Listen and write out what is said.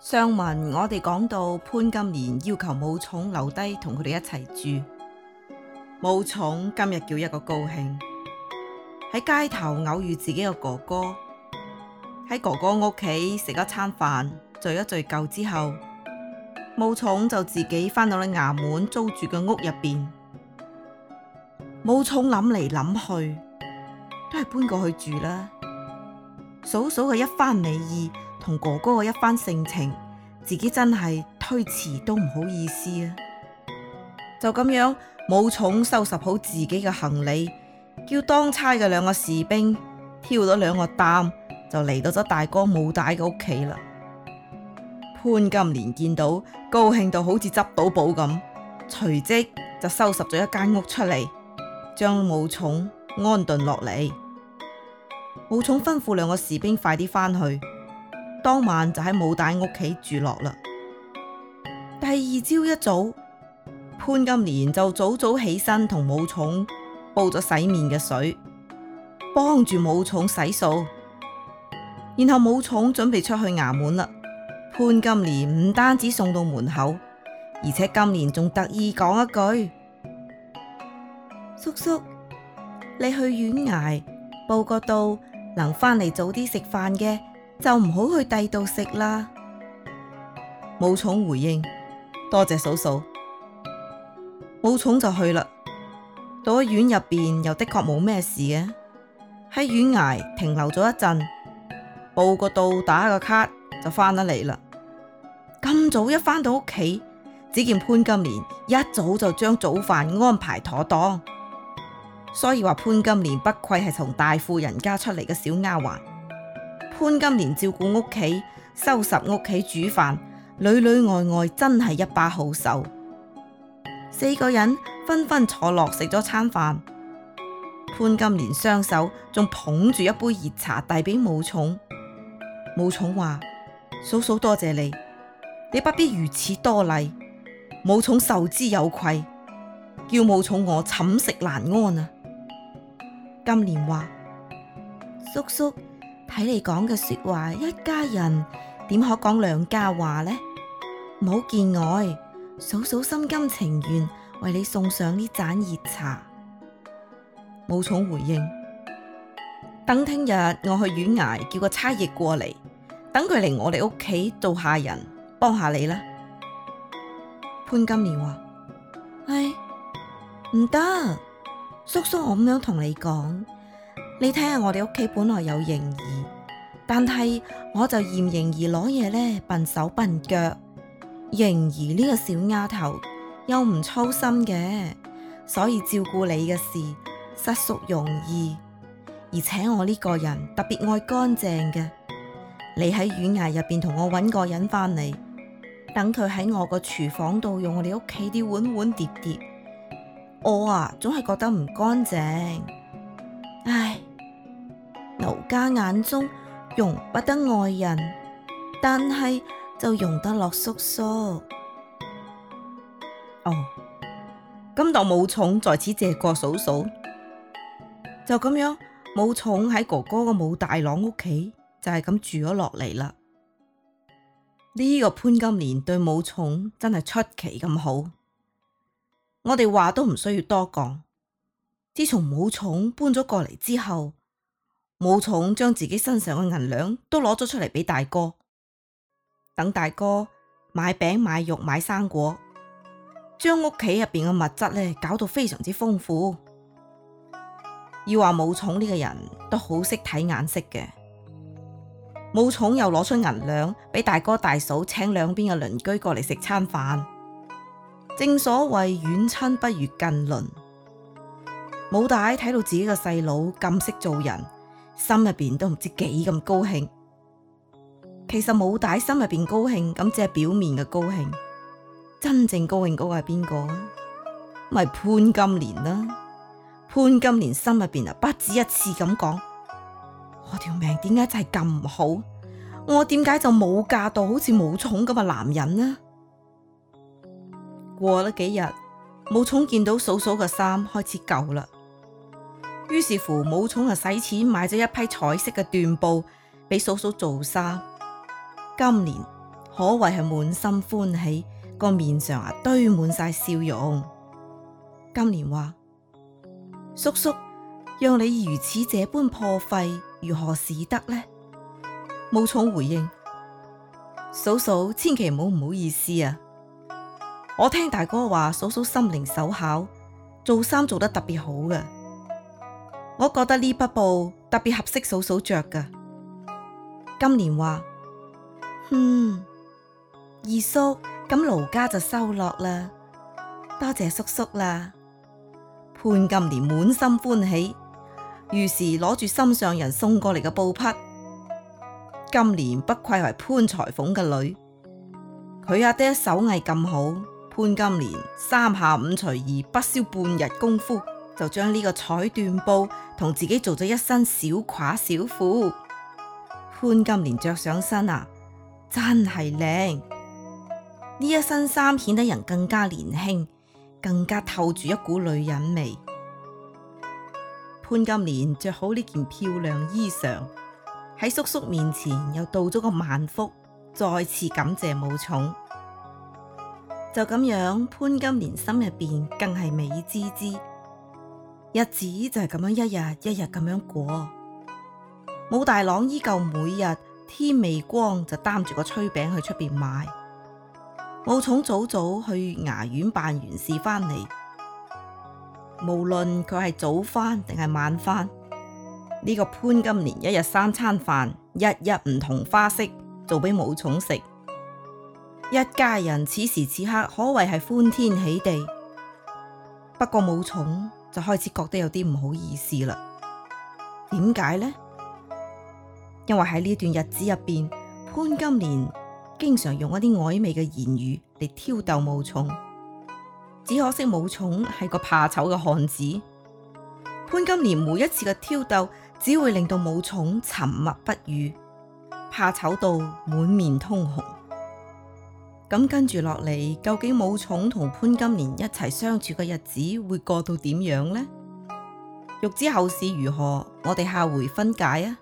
上文我哋講到潘金蓮要求武松留低同佢哋一齊住，武松今日叫一個高興，喺街頭偶遇自己嘅哥哥，喺哥哥屋企食一餐飯，敘一敘舊之後，武松就自己翻到咧衙門租住嘅屋入邊，武松諗嚟諗去，都係搬過去住啦，嫂嫂嘅一番美意。同哥哥嘅一番盛情，自己真係推辭都唔好意思啊！就咁樣，武松收拾好自己嘅行李，叫當差嘅兩個士兵挑咗兩個擔，就嚟到咗大哥武大嘅屋企啦。潘金蓮見到高興到好似執到寶咁，隨即就收拾咗一間屋出嚟，將武松安頓落嚟。武松吩咐兩個士兵快啲返去。當晚就喺武大屋企住落啦。第二朝一早，潘金蓮就早早起身，同武松煲咗洗面嘅水，幫住武松洗漱，然後武松準備出去衙門啦。潘金蓮唔單止送到門口，而且金蓮仲特意講一句：叔叔，你去遠崖，報個到，能翻嚟早啲食飯嘅。就唔好去第二度食啦。武松回應，多謝嫂嫂。武松就去啦。到咗院入邊又的確冇咩事嘅，喺院崖停留咗一陣，報個到打個卡就翻得嚟啦。咁早一翻到屋企，只見潘金蓮一早就將早飯安排妥當，所以話潘金蓮不愧係從大富人家出嚟嘅小丫鬟。潘金蓮照顧屋企、收拾屋企、煮飯，裏裏外外真係一把好手。四個人紛紛坐落食咗餐飯，潘金蓮雙手仲捧住一杯熱茶遞俾武松。武松話：嫂嫂多謝你，你不必如此多禮。武松受之有愧，叫武松我寢食難安啊！金蓮話：叔叔。睇你講嘅說話，一家人點可講兩家話呢？冇見外，嫂嫂心甘情願為你送上呢盞熱茶。武松回應：等聽日我去縣衙叫個差役過嚟，等佢嚟我哋屋企做下人，幫下你啦。潘金蓮話：唉、哎，唔得，叔叔我咁樣同你講。你睇下我哋屋企本來有盈兒，但係我就嫌盈兒攞嘢咧笨手笨腳，盈兒呢個小丫頭又唔操心嘅，所以照顧你嘅事實屬容易。而且我呢個人特別愛乾淨嘅，你喺縣衙入邊同我搵個人翻嚟，等佢喺我個廚房度用我哋屋企啲碗碗碟碟碟，我啊總係覺得唔乾淨，唉。奴家眼中容不得外人，但係就容得落叔叔。哦，咁就武松在此謝過嫂嫂。就咁樣，武松喺哥哥嘅武大郎屋企就係咁住咗落嚟啦。呢、這個潘金蓮對武松真係出奇咁好。我哋話都唔需要多講。自從武松搬咗過嚟之後。武松將自己身上嘅銀兩都攞咗出嚟俾大哥，等大哥買餅、買肉、買生果，將屋企入邊嘅物質咧搞到非常之豐富。要話武松呢個人都好識睇眼色嘅，武松又攞出銀兩俾大哥大嫂，請兩邊嘅鄰居過嚟食餐飯。正所謂遠親不如近鄰，武大睇到自己嘅細佬咁識做人。心入邊都唔知幾咁高興，其實武大心入邊高興，咁只係表面嘅高興，真正高興嗰個係邊個啊？咪、就是、潘金蓮啦！潘金蓮心入邊啊，不止一次咁講：我條命點解就係咁唔好？我點解就冇嫁到好似武松咁嘅男人呢？過咗幾日，武松見到嫂嫂嘅衫開始舊啦。於是乎，武松啊，使錢買咗一批彩色嘅緞布俾嫂嫂做衫。金蓮可謂係滿心歡喜，個面上啊堆滿晒笑容。金蓮話：叔叔，讓你如此這般破費，如何使得呢？武松回應：嫂嫂，千祈唔好唔好意思啊，我聽大哥話，嫂嫂心靈手巧，做衫做得特別好嘅。我覺得呢匹布特別合適嫂嫂着噶。金蓮話：，嗯，二叔，咁奴家就收落啦，多謝叔叔啦。潘金蓮滿心歡喜，於是攞住心上人送過嚟嘅布匹。金蓮不愧為潘裁縫嘅女，佢阿爹手藝咁好，潘金蓮三下五除二，不消半日功夫，就將呢個綵緞布同自己做咗一身小垮小褲，潘金蓮着上身啊，真係靚！呢一身衫顯得人更加年輕，更加透住一股女人味。潘金蓮着好呢件漂亮衣裳，喺叔叔面前又道咗個萬福，再次感謝武松。就咁樣，潘金蓮心入邊更係美滋滋。日子就係咁樣，一日一日咁樣過。武大郎依舊每日天未光就擔住個炊餅去出邊賣。武松早早去衙院辦完事翻嚟，無論佢係早翻定係晚翻，呢、這個潘金蓮一日三餐飯，一日唔同花式做俾武松食。一家人此時此刻可謂係歡天喜地，不過武松。就開始覺得有啲唔好意思啦，點解呢？因為喺呢段日子入邊，潘金蓮經常用一啲曖昧嘅言語嚟挑逗武松，只可惜武松係個怕醜嘅漢子，潘金蓮每一次嘅挑逗只會令到武松沉默不語，怕醜到滿面通紅。咁跟住落嚟，究竟武松同潘金蓮一齊相處嘅日子會過到點樣呢？欲知後事如何，我哋下回分解啊！